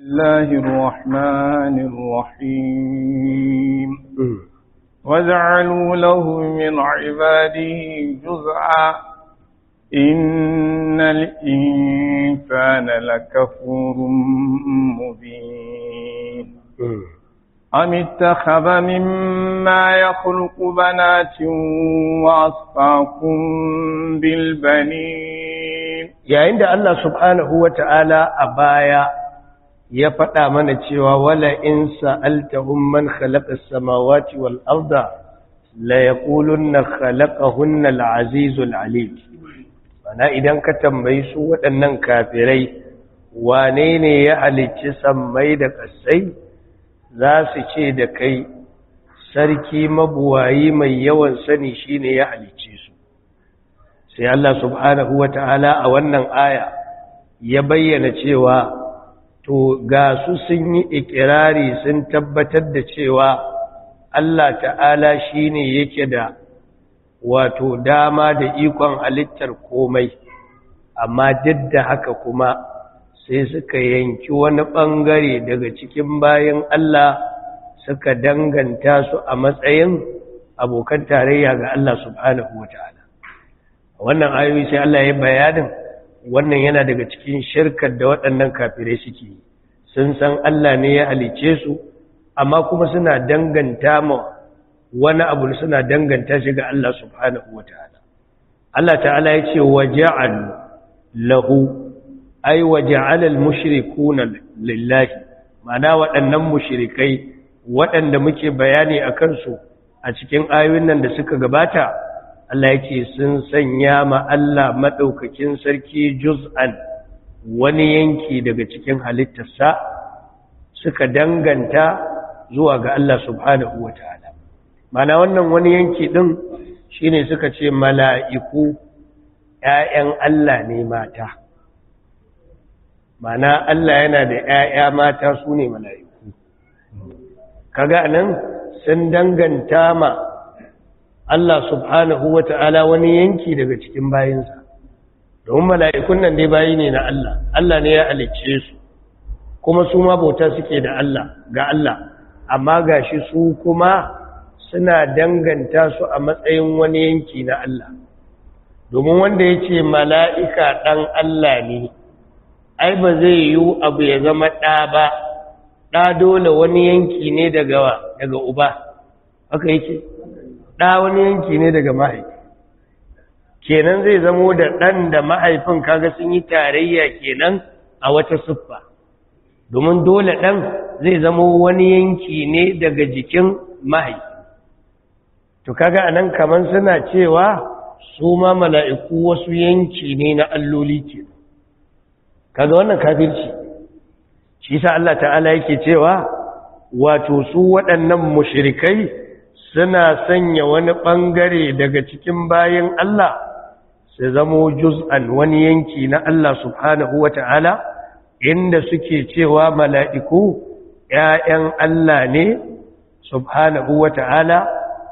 الله الرحمن الرحيم وجعلوا له من عباده جزءا إن الإنسان لكفور مبين أم اتخذ مما يخلق بنات وأصفاكم بالبنين يا عند الله سبحانه وتعالى أبايا ya faɗa mana cewa wala in sa'altahum man khalaqa samawati wal arda la yaquluna khalaqahunna al-azizul alim bana idan ka tambayi su waɗannan kafirai wane ne ya halicci sammai da ƙasai za su ce da kai sarki mabuwayi mai yawan sani shine ya halicci su sai Allah subhanahu wata'ala a wannan aya ya bayyana cewa to ga su sun yi ikirari sun tabbatar da cewa Allah ta'ala shi ne yake da wato dama da ikon halittar komai amma duk da haka kuma sai suka yanki wani ɓangare daga cikin bayan Allah suka danganta su a matsayin abokan tarayya ga Allah subhanahu wa ta'ala wannan ayoyi sai Allah ya bayanin wannan yana daga cikin shirkar da waɗannan kafirai suke yi sun san Allah ne ya halice su amma kuma suna danganta ma wani abu suna danganta shi ga Allah subhanahu wataala Allah ta'ala ya ce waja'al lahu ay waja'al al-mushrikuuna lillahi ma'ana waɗannan mushrikai waɗanda muke bayani a kansu a cikin ayoyin nan da suka gabata Allah ya ce sun sanya ma Allah madaukakin sarki juz'an wani yanki daga cikin halittarsa suka danganta zuwa ga Allah subhanahu wa ta'ala mana wannan wani yanki ɗin shi ne suka ce mala'iku ‘ya'yan Allah ne mata mana Allah yana da ‘ya'ya mata su ne mala'iku kaga nan sun danganta ma Allah subhanahu wa ta'ala wani yanki daga cikin bayansa. domin mala'ikun nan dai bayi ne na Allah Allah ne ya alice su kuma su ma bauta suke da Allah ga Allah amma ga shi su kuma suna danganta su a matsayin wani yanki na Allah domin wanda ya ce mala'ika ɗan Allah ne ai ba zai yi abu ya zama ɗa ba ɗa dole wani yanki ne daga uba haka yake ɗa wani yanki ne daga mahaifi kenan zai zamo da ɗan da mahaifin kaga sun yi tarayya kenan a wata siffa domin dole ɗan zai zamo wani yanki ne daga jikin mahaifi to kaga anan kaman suna cewa su ma mala'iku wasu yanki ne na alloli ke kaga wannan kafirci shi sa Allah ta'ala yake cewa wato su waɗannan mushrikai suna sanya wani ɓangare daga cikin bayan Allah Sai zamo juz'an wani yanki na Allah subhanahu wa ta'ala inda suke cewa mala'iku ‘ya'yan Allah ne subhanahu wa ta'ala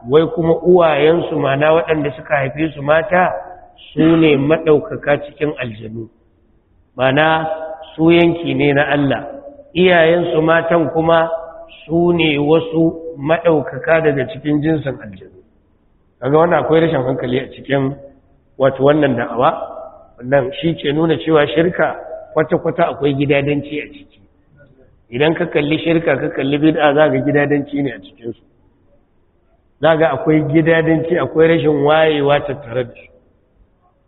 wai kuma uwayensu mana waɗanda suka haife su mata su ne maɗaukaka cikin aljanu mana su yanki ne na Allah iyayensu matan kuma su ne wasu maɗaukaka daga cikin jinsin aljanu kaga wannan akwai rashin hankali a cikin wato wannan da'awa wannan shi ke nuna cewa shirka kwata-kwata akwai gidadanci a ciki idan ka kalli shirka ka kalli bid'a za ga gidadanci ne a cikinsu za ga akwai gidadanci akwai rashin wayewa tattare da su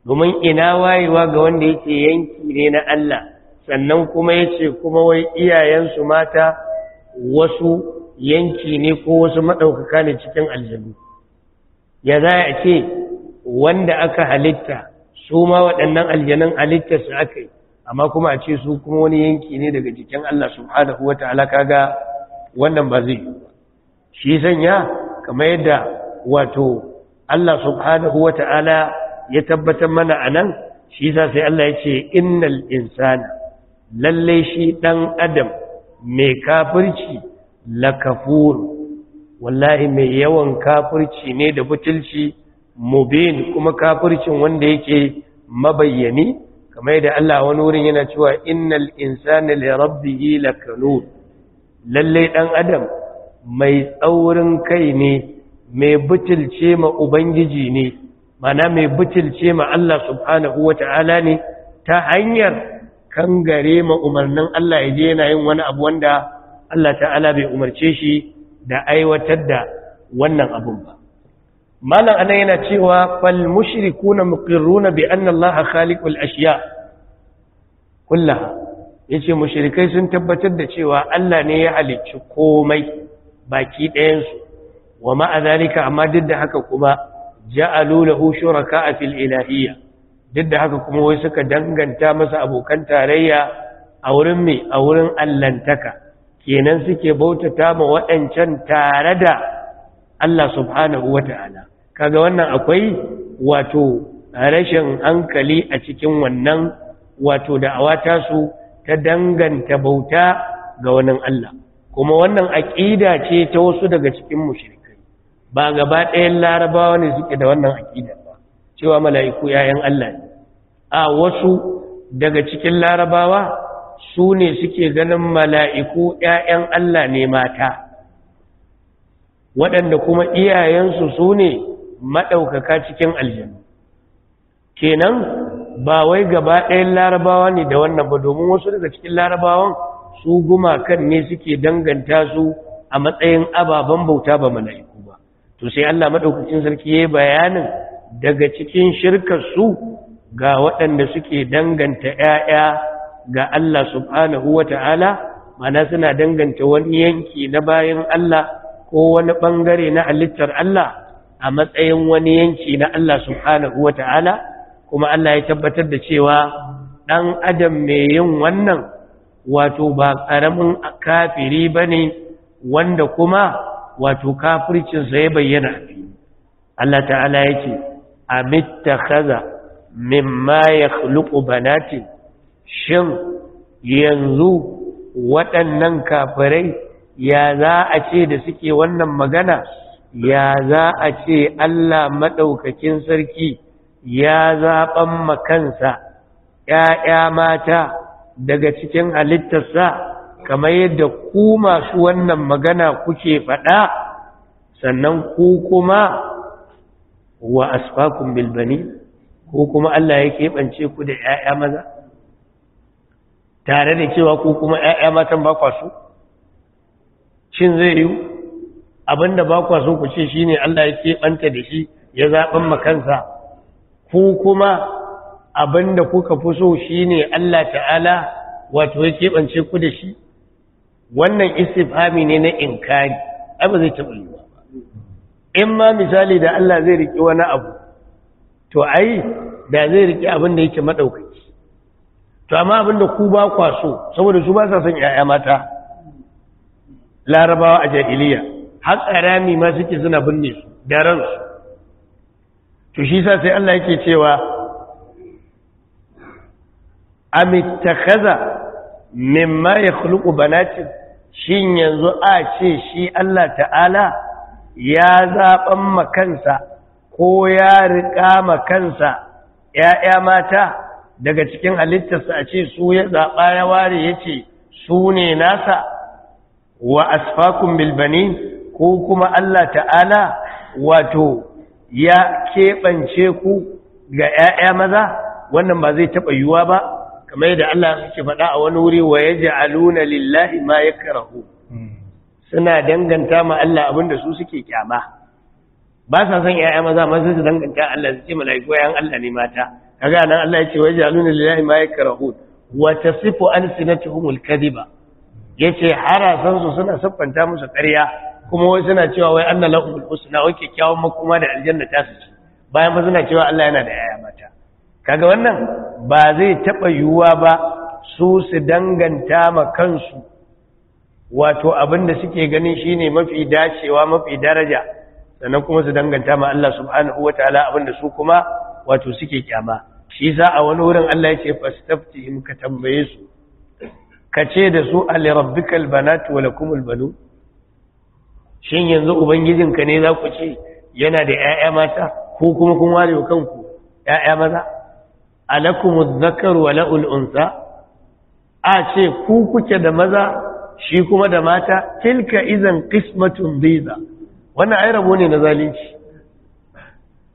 domin ina wayewa ga wanda yake yanki ne na Allah sannan kuma ya ce kuma wai iyayensu mata wasu yanki ne ko wasu maɗaukaka ne cikin aljanu ya za a ce wanda aka halitta su ma waɗannan aljanan halitta su aka yi amma kuma a ce su kuma wani yanki ne daga jikin Allah subhanahu wata'ala kaga wannan ba zai yi ba shi sanya kamar yadda wato Allah subhanahu wata'ala ya tabbatar mana a nan, shi sa sai Allah ya ce innal insana lalle shi ɗan adam mai kafirci Kafur. wallahi mai yawan kafirci ne da butulci mubin kuma kafircin wanda yake mabayyani kamar da Allah wani wurin yana cewa innal insana li rabbih lakanun lalle dan adam mai tsaurin kai ne mai butulce ma ubangiji ne mana mai butulce ma Allah subhanahu wata'ala ne ta hanyar kangare ma umarnin Allah ya je yana yin wani abu wanda Allah ta'ala bai umarce shi da aiwatar da wannan abun ba malam anan yana cewa fal mushrikuna muqirruna bi anna allaha khaliqul ashiya kullah yace mushrikai sun tabbatar da cewa Allah ne ya halicci komai baki ɗayan su wa ma azalika amma duk da haka kuma ja'alu lahu shuraka fil ilahiyya duk da haka kuma wai suka danganta masa abokan tarayya a wurin me a wurin allantaka kenan suke bautata ma waɗancan tare da Allah subhanahu ta'ala. kaga wannan akwai wato rashin hankali a cikin wannan wato da'awa ta su ta danganta bauta ga wani Allah kuma wannan aƙida ce ta wasu daga cikin mushrikai ba gaba ɗayan larabawa ne suke da wannan aqida ba cewa mala'iku yayin Allah ne a wasu daga cikin larabawa su ne suke ganin mala'iku ‘ya'yan Allah ne mata waɗanda kuma iyayensu su ne maɗaukaka cikin aljanu kenan ba wai gaba ɗayan larabawa ne da wannan ba domin wasu daga cikin larabawan su guma kan ne suke danganta su a matsayin ababen bauta ba mala'iku ba to sai Allah maɗaukacin sarki ya bayanin daga cikin shirkar su ga waɗanda suke danganta ‘ya'ya ga Allah subhanahu wa ta'ala mana suna danganta wani yanki na bayan Allah ko wani ɓangare na halittar Allah a matsayin wani yanki na Allah subhanahu wa ta'ala kuma Allah ya tabbatar da cewa ɗan adam mai yin wannan wato ba ƙaramin kafiri ba ne wanda kuma wato kafircinsa ya bayyana a fi Allah ta'ala ya ce a min mimma ya khluku banatin shin yanzu waɗannan kafirai ya za a ce da suke wannan magana ya za a ce Allah maɗaukakin sarki ya zaɓan kansa ‘ya'ya mata daga cikin halittarsa kamar yadda ku masu wannan magana kuke faɗa sannan ku kuma wa asfakun bilbani ko kuma Allah ya keɓance ku da ‘ya'ya maza tare da cewa ku kuma ‘ya'ya matan ba kwasu shin zai yiwu abinda ba kwa so ku ce ne Allah ya keɓanta da shi ya zaɓin makansa ku kuma abinda kuka fi so shi ne Allah ta'ala wato ya keɓance ku da shi wannan istifhami ne na inkari ai ba zai taɓa yi ba in ma misali da Allah zai riƙe wani abu to ai da zai riƙe abin da yake maɗaukaki to amma abin da ku ba kwa so saboda su ba sa son 'ya'ya mata larabawa a jahiliya har rami ma suke suna binne su da ransu to shi sa sai Allah yake cewa amittakaza mimma ya khuluqu shin yanzu a ce shi Allah ta'ala ya zaɓan makansa ko ya riƙa makansa ‘ya'ya mata daga cikin halittarsa a ce su ya zaɓa ya ware ya ce su ne nasa wa asfakun bilbani. ko kuma Allah ta'ala wato ya keɓance ku ga ‘ya'ya maza wannan ba zai taɓa yiwuwa ba kamar yadda Allah yake faɗa a wani wuri wa ya ja'aluna lillahi ma ya karahu suna danganta ma Allah abinda su suke kyama ba sa son ‘ya'ya maza ma su danganta Allah su ce mala'iku ‘yan Allah ne mata kaga nan Allah ya ce wa ya ja'aluna lillahi ma ya karahu wa tasifu an sinatuhumul kadiba yace harasansu suna siffanta musu ƙarya kuma wai suna cewa wai anna lahumul husna wai kyakkyawan makoma da aljanna ta su bayan ma suna cewa Allah yana da yaya mata kaga wannan ba zai taba yiwuwa ba su su danganta ma kansu wato abin da suke ganin shine mafi dacewa mafi daraja sannan kuma su danganta ma Allah subhanahu wataala abin da su kuma wato suke kyama shi za a wani wurin Allah ya ce fastaftihim ka tambaye su ka ce da su alirabbikal banat walakumul banu shin yanzu ubangijinka ne za ku ce yana da 'ya'ya mata ko kuma kun ware kanku 'ya'ya maza alakumu zakar wa la’ul’unsa a ce ku kuke da maza shi kuma da mata tilka izan kismatun biza wannan ai rabo ne na zalunci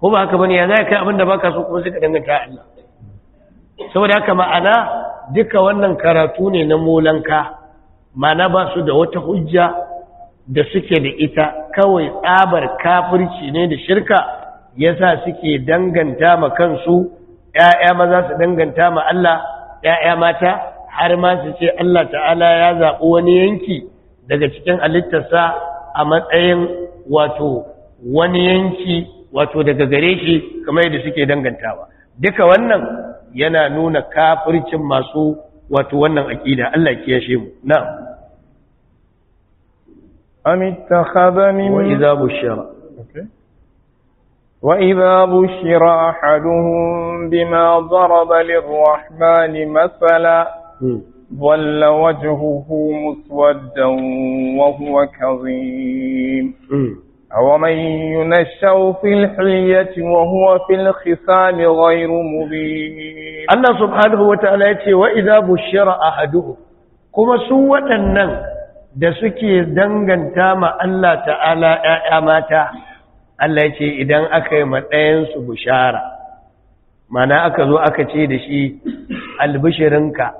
ko ba haka bane ya za kai abin da baka so kuma sai ka danganta Allah saboda haka ma'ana duka wannan karatu ne na molanka ma'ana ba su da wata hujja da suke da ita kawai tsabar kafirci ne da shirka ya sa suke danganta ma kansu ‘ya'ya maza su danganta ma Allah ‘ya'ya mata har ma su ce Allah ta'ala ya zaɓi wani yanki daga cikin halittarsa a matsayin wato wani yanki wato daga gare shi kamar yadda suke dangantawa duka wannan yana nuna kafircin masu wato wannan aƙida Allah kiyashe mu na'am أم اتخذ من وإذا بشر وإذا بشر أحدهم بما ضرب للرحمن مثلا ظل وجهه مسودا وهو كظيم أومن ينشأ في الحلية وهو في الخصام غير مبين الله سبحانه وتعالى يقول وإذا بشر أحدهم كما سوى النَّنْ da suke danganta ma Allah ta'ala ‘ya'ya mata, Allah ce idan aka yi su bushara, mana aka zo aka ce da shi albishirinka,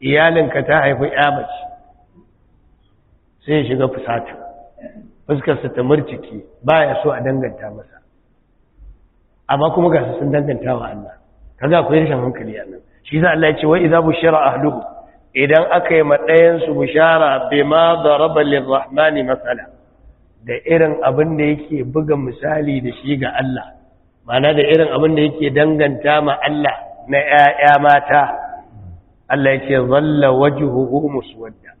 iyalinka ta haifi ‘yamaci, sai shiga fusata, fuskarsa ta murciki ba ya so a danganta masa. Amma kuma ga sun danganta Allah, ka za ku yi shan hankali a nan, shi za Allah ya ce, wai iza bushara ahluhu idan aka yi maɗayensu bishara bai ma da rabalin rahmani matsala da irin abin da yake buga misali da shi ga Allah mana da irin abin da yake danganta ma Allah na ‘ya'ya mata Allah ya zalla waje hugu wadda.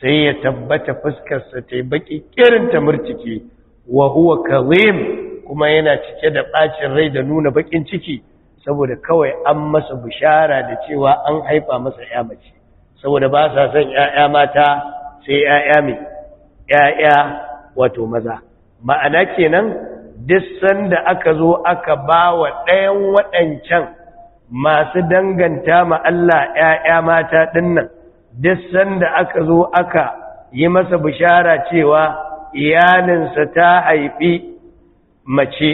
sai ya tabbata fuskarsa ta yi baƙi ƙirin ta murtike wa huwa kuma yana cike da ɓacin rai da nuna baƙin ciki saboda kawai an masa bishara da cewa an haifa masa ‘ya mace saboda ba sa son ƴaƴa mata sai ƴaƴa mai ƴaƴa wato maza ma'ana kenan duk sanda aka zo aka ba wa ɗayan waɗancan masu danganta ma Allah ƴaƴa mata ɗinnan duk sanda aka zo aka yi masa bishara cewa iyalinsa ta haifi mace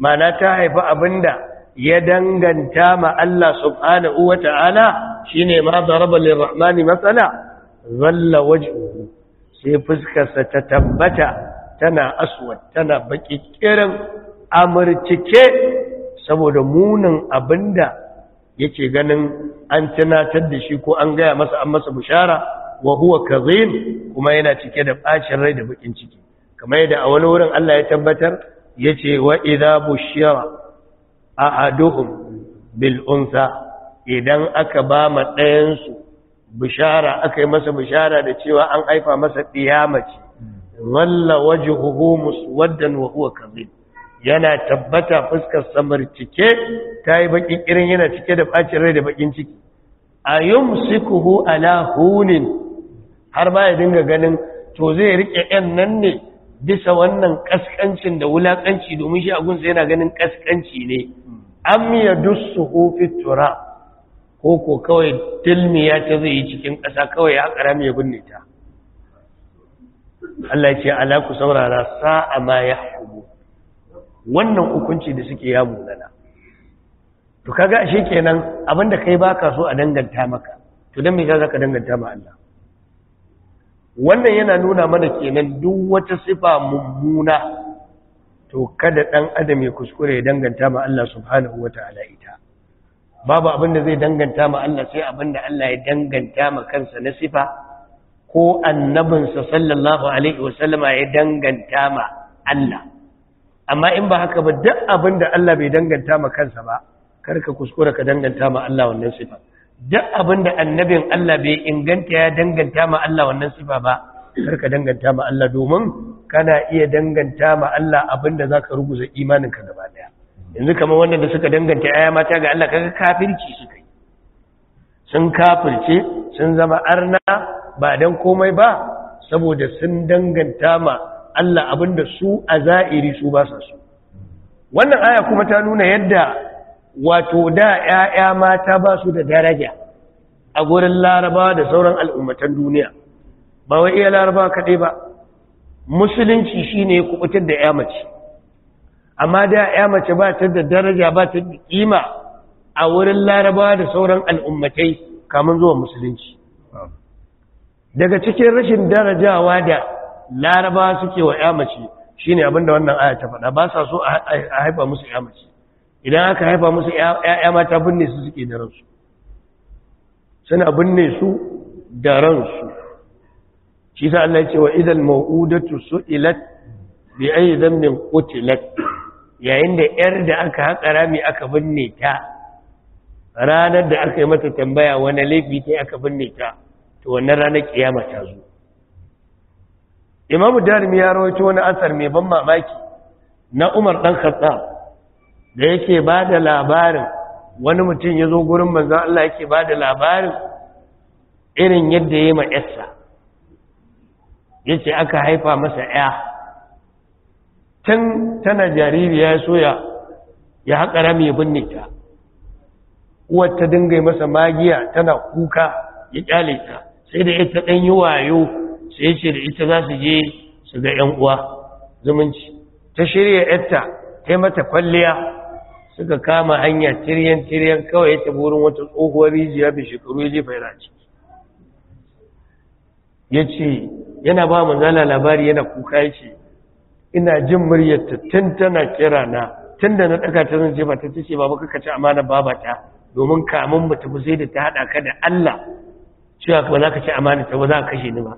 ma'ana ta haifi abinda ya danganta ma Allah subhanahu wa ta'ala shine ma daraba lirrahmani matsala zalla wajhuhu sai fuskarsa ta tabbata tana aswad tana baki kiran amurcike saboda munin abinda yake ganin an tunatar da shi ko an gaya masa an masa bushara wa huwa kazim kuma yana cike da bacin rai da bakin ciki kamar yadda a wani wurin Allah ya tabbatar yace wa idha bushira a'aduhum bil unsa idan aka ba ma ɗayansu bishara aka yi masa bishara da cewa an haifa masa ɗiyamaci walla waje musu waddan wa'uwa huwa yana tabbata fuskar samar cike ta yi bakin irin yana cike da ɓacin rai da bakin ciki a yumsikuhu ala hunin har ba ya dinga ganin to zai riƙe yan nan ne bisa wannan ƙasƙancin da wulaƙanci domin shi gunsa yana ganin ƙasƙanci ne am dusu hufi turab ko ko kawai tilmi ta zai yi cikin ƙasa kawai ya ƙarami ya binne ta Allah ce ala ku saurara sa'a ma ya hukumu wannan hukunci da suke ya munana to kaga ashe kenan abinda kai baka so a danganta maka to dan me kaga ka danganta ma Allah wannan yana nuna mana kenan duk wata sifa mummuna to kada dan adam ya kuskure ya danganta ma Allah subhanahu wataala ita babu abin da zai danganta ma Allah sai abin da Allah ya danganta ma kansa na sifa ko annabinsa sallallahu alaihi wasallama ya danganta ma Allah amma in ba haka ba duk abin da Allah bai danganta ma kansa ba karka kuskura ka danganta ma Allah wannan sifa duk abin da annabin Allah bai inganta ya danganta ma Allah wannan sifa ba karka danganta ma Allah domin kana iya danganta ma Allah abin da zaka ruguza imaninka gaba daya yanzu kamar wannan da suka danganta yaya mata ga Allah kaga kafirci suka yi sun kafirce sun zama arna ba dan komai ba saboda sun danganta ma Allah abinda su a za'iri su ba sa su wannan aya kuma ta nuna yadda wato da ‘ya'ya mata ba su da daraja a gurin laraba da sauran al'ummatan duniya ba wai iya laraba kaɗai ba musulunci shine ne kubutar da ‘ya mace amma da ya mace ba ta da daraja ba ta da kima a wurin larabawa da sauran al'ummatai kamun zuwa musulunci daga cikin rashin darajawa da larabawa suke wa ya mace shi ne abinda wannan aya ta faɗa ba sa so a haifa musu ya mace idan aka haifa musu ya mata binne su suke da ransu suna binne su da ransu shi sa Allah ce wa idan su ilat? bi ayi dhanbin qutilat yayin da yar da aka haƙa rami aka binne ta ranar da aka yi mata tambaya wani laifi ta aka binne ta to wannan ranar ƙiyama ta zo imamu darimi ya rawaito wani asar mai ban mamaki na umar ɗan khattab da yake ba da labarin wani mutum ya zo gurin manzan Allah yake ba da labarin irin yadda ya yi ma yarsa ya aka haifa masa ya tun tana jariri ya soya ya haƙa rami binne ta uwar ta dinga masa magiya tana kuka ya ƙyale ta sai da ita ɗan yi wayo sai ce da ita za su je su ga ‘yan uwa zumunci ta shirya ‘yarta ta yi mata kwalliya suka kama hanya tiryan-tiryan kawai ya tabi wurin wata tsohuwar rijiya bai shekaru ya jefa yana ciki ya ce yana ba mu zala labari yana kuka ya ce ina jin muryarta tun tana kira na tun da na ɗaga ta zan ce ba ta ce ce babu kaka ci amana babata domin kamun mu tafi sai da ta haɗa ka da Allah cewa ba za ka ci amana ta ba za ka kashe ni ba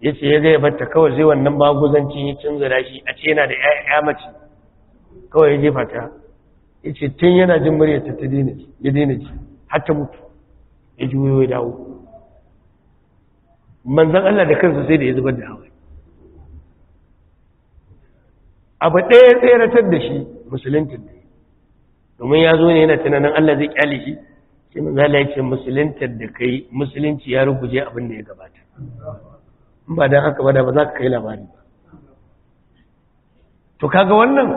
ya ce ya gaya bata kawai zai wannan maguzancin ya canza da shi a ce yana da ya mace kawai ya jefa ta ya ce tun yana jin muryarta ta ya daina ji har ta mutu ya juyo ya dawo manzan Allah da kansa sai da ya zubar da hawa abu ɗaya tseratar da shi musuluntin da domin ya zo ne yana tunanin Allah zai kyale shi shi Allah yake musuluntar da kai musulunci ya ruguje abin da ya gabata in ba don haka ba da ba za ka kai labari ba to kaga wannan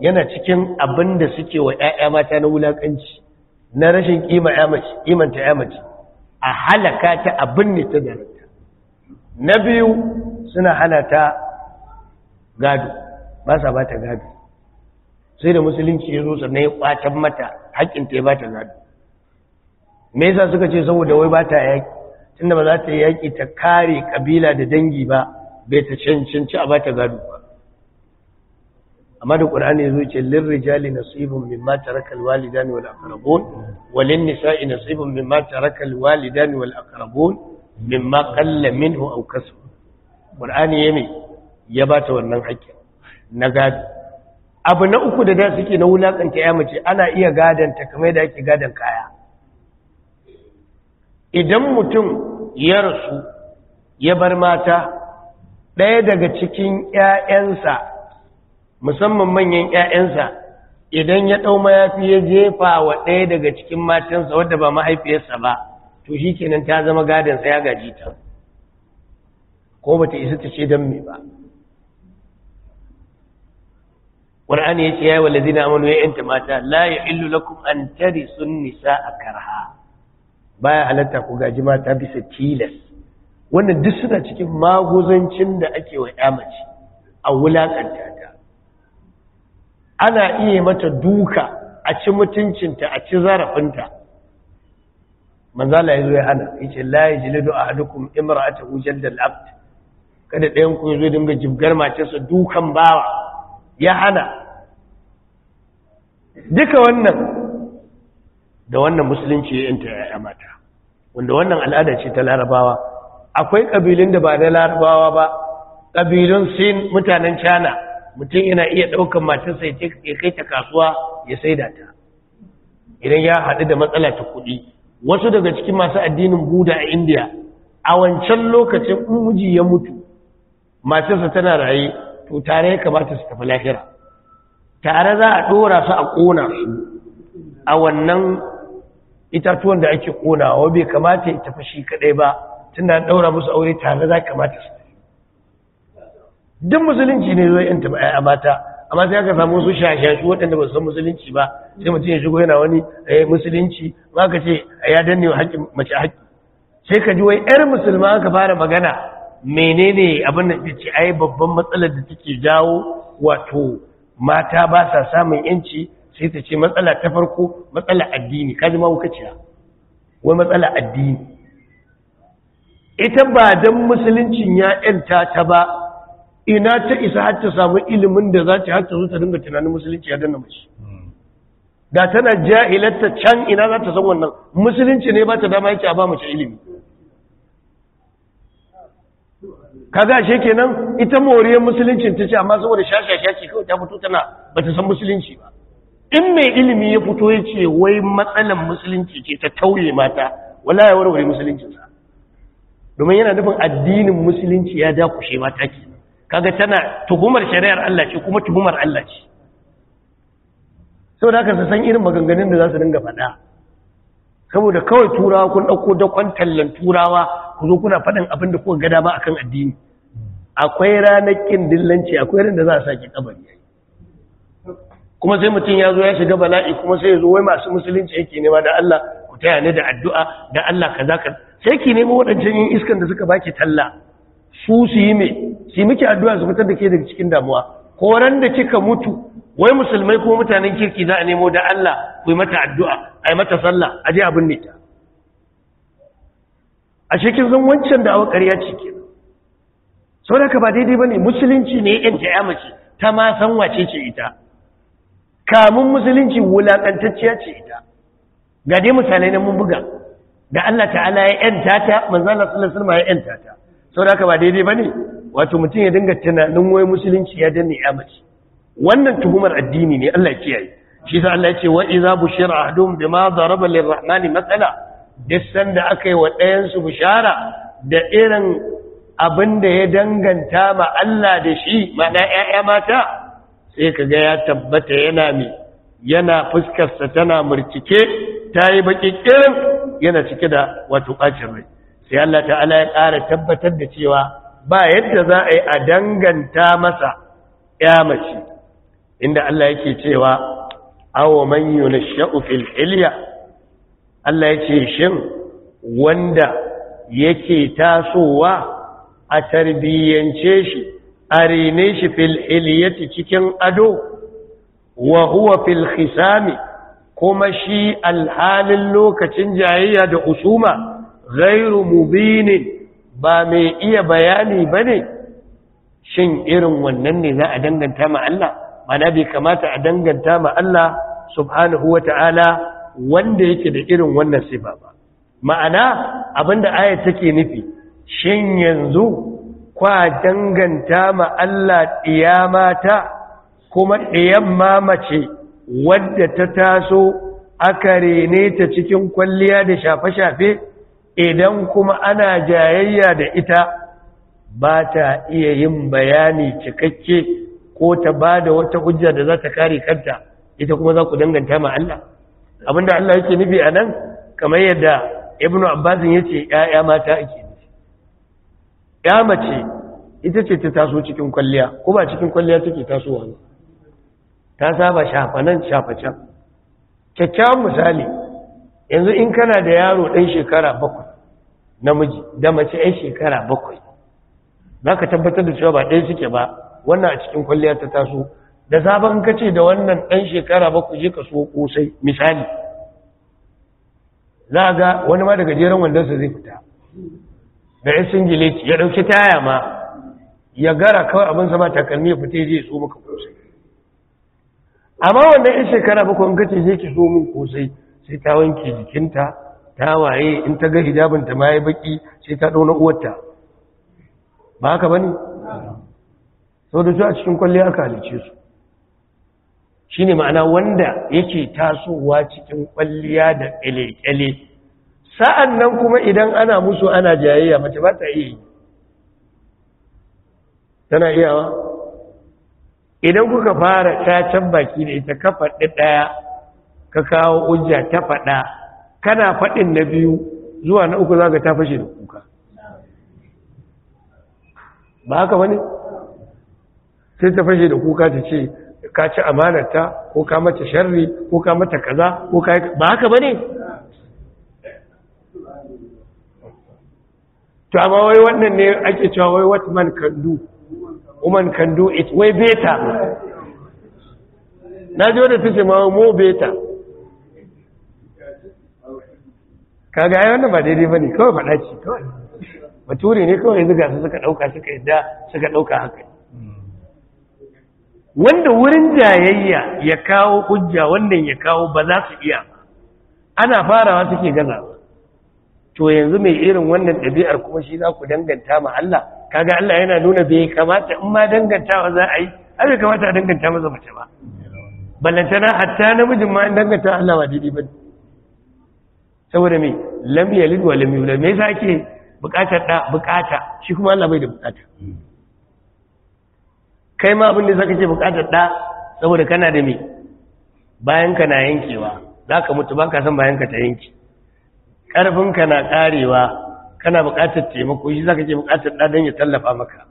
yana cikin abin da suke wa 'ya'ya mata na wulaƙanci, na rashin ƙimanta ƴa a halaka ta abin ne ta zarata na biyu suna halata gado ba sa ba ta gado sai da musulunci ya zo sannan ya kwatan mata haƙƙin ta ya ba ta gado me yasa suka ce saboda wai ba ta yaƙi tunda ba za ta yi yaƙi ta kare ƙabila da dangi ba bai ta cancanci a ba ta gado ba amma da ƙur'ani ya zo ce lirrijali nasibun mimma taraka alwalidani wal aqrabun walin nisa'i nasibun mimma taraka alwalidani wal aqrabun mimma qalla minhu aw kasb ƙur'ani ya mai, ya bata wannan haƙƙin na gado abu na uku da da suke na wulakanta ya mace ana iya gadanta kamar da ake gadan kaya idan mutum ya rasu ya bar mata ɗaya daga cikin 'ya'yansa musamman manyan 'ya'yansa idan ya ɗau mayafi ya jefa wa ɗaya daga cikin matansa wadda ba mahaifiyarsa ba to shi kenan ta zama gadansa ya gaji ta ko ba ta isa ta ce don me ba qur'ani yace ya wal ladina amanu ya 'yanta mata la illu lakum an nisa nisaa karha baya halatta ku gaji mata bisa tilas wannan duk suna cikin magozancin da ake wa mace a wulakanta ta ana iya mata duka a ci mutuncinta a ci zarafinta manzala ya zo ya hana ya ce la ya a hadukum imra ta hujjar da kada ɗayan ku ya zo dinga jibgar matarsa dukan bawa ya hana duka wannan da wannan musulunci ya yanta ya mata wanda wannan al'ada ce ta larabawa akwai ƙabilun da ba da larabawa ba ƙabilun sin mutanen China, mutum yana iya ɗaukan matarsa ya kai ta kasuwa ya saida ta idan ya haɗu da matsala ta kuɗi wasu daga cikin masu addinin buda a indiya a wancan lokacin ya mutu matarsa tana raye to tare ya kamata su tafi lahira tare za a ɗora su a ƙona su a wannan itatuwan da ake wa bai kamata ya tafi shi kaɗai ba tun da daura musu aure tare za kamata su tafi duk musulunci ne zai yanta a mata amma sai aka samu su shashashi waɗanda ba su san musulunci ba sai mutum ya shigo yana wani eh, musulunci ba ka ce ya danne wa mace haƙƙi sai ka ji wai 'yar musulma ka fara magana menene abin da ce ai babban matsalar da take jawo wato mata ba sa samun yanci sai ta ce matsala ta farko matsala addini kaji ma wukaciya wai matsala addini ita ba don musuluncin ya yanta ta ba ina ta isa har ta samu ilimin da za ta har ta zo ta dinga tunanin musulunci ya danna mace da tana jahilatta can ina za ta san wannan musulunci ne ba ta dama yake a ba mace ilimi kaga ke kenan ita moriyar musulunci ta ce amma saboda shashashaci kawai ta fito tana bata san musulunci ba in mai ilimi ya fito ya ce wai matsalan musulunci ce ta tauye mata wala ya warware musuluncinsa domin yana nufin addinin musulunci ya kushe mata ke kaga tana tuhumar shari'ar Allah ce kuma tuhumar Allah ce saboda haka san irin maganganun da za su dinga faɗa saboda kawai turawa kun ɗauko dakon tallan turawa ku zo kuna faɗin abin da kuka gada ba akan addini akwai ranakin dillanci akwai ran da za a saki kabari yayi kuma sai mutum ya zo ya shiga bala'i kuma sai ya zo wai masu musulunci yake nema da Allah ku taya ni da addu'a da Allah kaza ka sai ki nemi wadancan yin iskan da suka baki talla su su yi me su miki addu'a su fitar da ke daga cikin damuwa ko ran da kika mutu wai musulmai ko mutanen kirki za a nemo da Allah ku yi mata addu'a ai mata sallah aje abin ne ta a shekin zan wancan da ƙarya ce ke sau da ka ba daidai ba ne musulunci ne yanta ya mace ta ma san wace ce ita kamun musulunci wulaƙantacciya ce ita ga dai misalai na mun buga da Allah ta'ala ya yanta ta manzana sallar alaihi ya yanta ta sau da ka ba daidai ba ne wato mutum ya dinga tunanin wai musulunci ya danne ya mace wannan tuhumar addini ne Allah ya kiyaye shi sa Allah ya ce wa bushira ahdum bima daraba lirrahmani matsala duk sanda aka yi wa ɗayansu bishara da irin abin da ya danganta ma Allah da shi mana ‘ya'ya mata sai ka ga ya tabbata yana mai yana fuskarsa tana murcike ta yi baƙi ƙirin, yana cike da wato ɓacin rai sai Allah ta'ala ya ƙara tabbatar da cewa ba yadda za a yi a danganta masa ‘ya mace inda Allah yake cewa awo man na fil iliya Allah ya ce shin wanda yake tasowa a tarbiyyance shi a rene shi fil iliyati cikin ado wa huwa fil khisami kuma shi alhalin lokacin jayayya da usuma ghairu mubinin ba mai iya bayani bane shin irin wannan ne za a danganta ma Allah mana bai kamata a danganta ma Allah subhanahu wa ta'ala wanda yake da irin wannan sifa ba ma'ana abinda aya take nufi shin yanzu kwa danganta ma Allah ta? kuma ɗiyan mace wadda ta taso aka rene ta cikin kwalliya da shafe-shafe idan kuma ana jayayya da ita ba ta iya yin bayani cikakke ko ta ba da wata hujja da za ta kare kanta ita kuma za ku danganta ma Allah abinda Allah yake nufi a nan kamar yadda ibnu abbasin yace ce ‘ya'ya mata ake nufi ‘ya mace ita ce ta taso cikin kwalliya ko ba cikin kwalliya take tasowa ta saba shafa nan shafa can. kyakkyawan misali yanzu in kana da yaro ɗan shekara bakwai namiji da mace ɗan shekara bakwai za ka tabbatar da cewa ba ɗaya suke ba wannan a cikin kwalliya ta taso da zafin kace da wannan ɗan shekara ba ku je ka so ƙosai misali za ga wani ma daga wanda wandonsa zai fita da ya singile ya ɗauki taya ma ya gara kawai abin sama takalmi ya fita ya so maka ƙosai amma wannan ɗan shekara ba ku ce zai ki so min ƙosai sai ta wanke jikinta ta waye in ta ga hijabinta ma ya baki sai ta ɗauna uwarta ba haka ba ne sau da a cikin kwalliya aka halice su shine ma'ana wanda yake tasowa cikin kwalliya da ƙale-ƙale sa'an nan kuma idan ana musu ana jayayya mace ba ta iya yi tana iyawa idan kuka fara kacen baki da ita ka faɗi ɗaya ka kawo ujja ta faɗa kana faɗin na biyu zuwa na uku za ka ta fashe da kuka ba haka wani sai ta fashe da kuka ta ce ka ci amanarta ko ka mata sharri ko ka mata kaza ko ka ba haka ba ne to amma wai wannan ne ake cewa wai what man can do woman can do it way better na ji wadda ta ce ma mo better kaga ai wannan ba daidai ba ne kawai faɗa ce kawai baturi ne kawai zuga su suka ɗauka suka yadda suka ɗauka haka wanda wurin jayayya ya kawo hujja wannan ya kawo ba za su iya ana farawa suke gaza to yanzu mai irin wannan ɗabi'ar kuma shi za ku danganta ma Allah kaga Allah yana nuna bai kamata in ma dangantawa za a yi ai kamata a danganta zama mace ba na, hatta namijin ma danganta Allah ba daidai ba saboda me lam yalid wa lam yulad me yasa ake bukatar da bukata shi kuma Allah bai da bukata kai ma abin da zaka ce bukatar da saboda kana da me bayan ka na yankewa za ka mutu baka ka san ka ta yanki ka na karewa kana bukatar taimako shi zaka ce bukatar da dan ya tallafa maka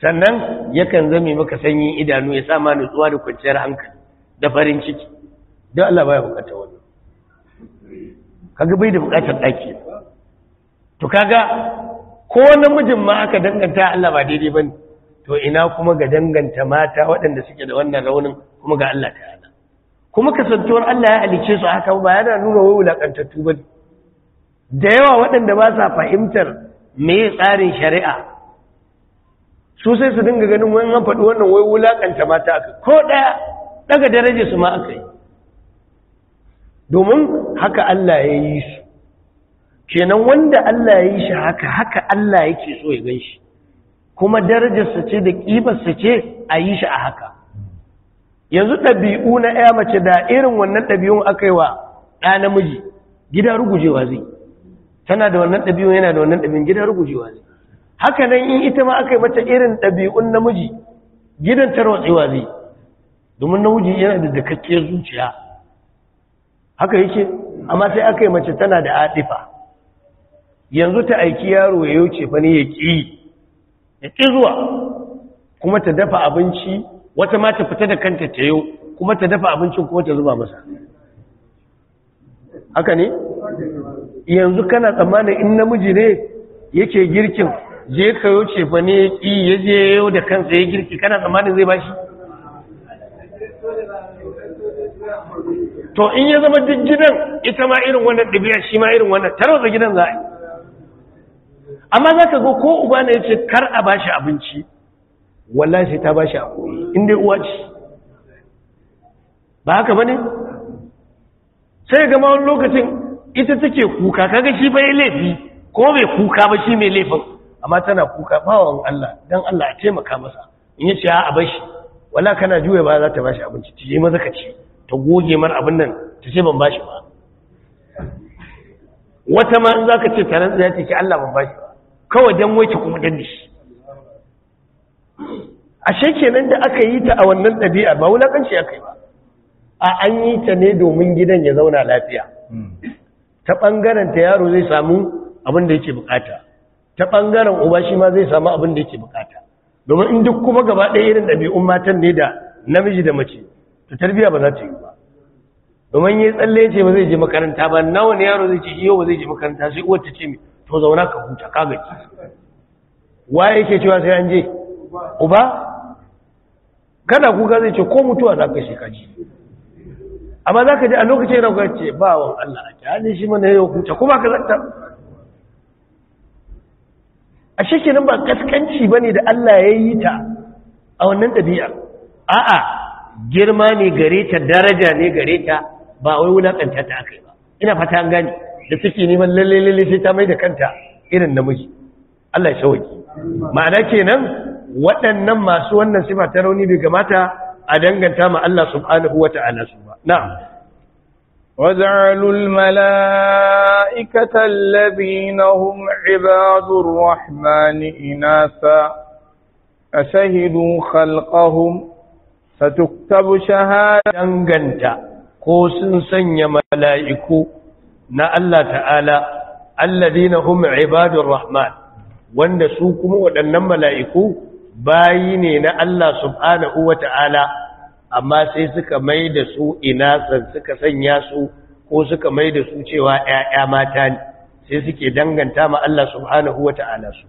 sannan yakan zame maka sanyi idanu ya sa ma nutsuwa da kwanciyar hankali da farin ciki don Allah baya bukatar wannan kaga bai da bukatar daki to kaga ko mijin ma aka danganta Allah ba daidai bane to ina kuma ga danganta mata waɗanda suke da wannan raunin kuma ga Allah ta'ala kuma kasantuwar Allah ya halice su haka ba yana nuna wai wulaƙantattu ba da yawa waɗanda ba sa fahimtar me tsarin shari'a su sai su dinga ganin wani an faɗi wannan wai wulaƙanta mata aka ko ɗaya ɗaga daraje su ma aka yi domin haka Allah ya yi su kenan wanda Allah ya yi shi haka haka Allah yake so ya gan shi kuma darajarsa ce da ƙibarsa ce a yi shi a haka yanzu ɗabi'u na ɗaya mace da irin wannan ɗabi'un aka yi wa ɗa namiji gida rugujewa zai tana da wannan ɗabi'un yana da wannan ɗabi'un gida rugujewa zai haka nan in ita ma aka yi mata irin ɗabi'un namiji gidan tarwatsewa zai domin namiji yana da dakakkiyar zuciya haka yake amma sai aka yi mace tana da adifa yanzu ta aiki yaro ya yauce fa ne ya ƙi ya ƙi zuwa kuma ta dafa abinci wata ma ta fita da kanta ta yau kuma ta dafa abincin kuma ta zuba masa haka ne yanzu kana tsammanin in namiji ne yake girkin je yau ce fa ne ƙi ya je yau da kansa ya girki kana tsammanin zai bashi to in ya zama duk gidan ita ma irin wannan ɗabi'a shi ma irin wannan tarwata gidan za a yi amma za ka zo ko uba ne ya ce kar a ba shi abinci wallah sai ta ba shi a koyi inda uwa ce ba haka ba ne sai ga wani lokacin ita take kuka kaga shi bai laifi ko bai kuka ba shi mai laifin amma tana kuka bawan Allah dan Allah ya taimaka masa in yace a bashi wala kana juya ba za ta bashi abinci tije maza ka ce ta goge mar abin nan ta ce ban bashi ba wata ma in zaka ce taran tsaya take Allah ban bashi ba kawai don wai kuma don nishi a shekenan da aka yi ta a wannan ɗabi'a ba wulakanci aka yi ba a an yi ta ne domin gidan ya zauna lafiya ta ɓangaren ta yaro zai samu abin da yake bukata ta ɓangaren uba shi ma zai samu abin da yake bukata domin in duk kuma gaba ɗaya irin ɗabi'un matan ne da namiji da mace ta tarbiyya ba za ta yi ba domin yi tsalle ce ba zai je makaranta ba nawa ne yaro zai ce iyo ba zai je makaranta sai uwar ta ce mai to zauna ka huta ka gaji waye yake cewa sai an je uba ku kuka zai ce ko mutuwa za ka ji amma za ka ji a lokacin da kuka ce ba wa Allah a ne shi mana yau huta kuma ka zanta a nan ba kaskanci ba ne da Allah ya yi ta a wannan ɗabi'a a'a girma ne gare ta daraja ne gare ta ba wai wulaƙanta ta aka yi ba ina fata an gani. da take neman lalle lalle sai ta mai da kanta irin namiji Allah ya shawaki ma'ana kenan waɗannan masu wannan sifa ta rauni bai gamata a danganta ma Allah subhanahu wata'ala su ba na'am وجعلوا الملائكة الذين هم عباد الرحمن Shahada, أشهدوا خلقهم danganta ko sun sanya mala'iku na Allah ta'ala alladina hum ibadur rahman wanda su kuma waɗannan mala'iku bayi ne na Allah subhanahu wa ta'ala amma sai suka mai da su san suka sanya su ko suka mai da su cewa ‘ya'ya mata ne sai suke danganta ma Allah subhanahu wa ta'ala su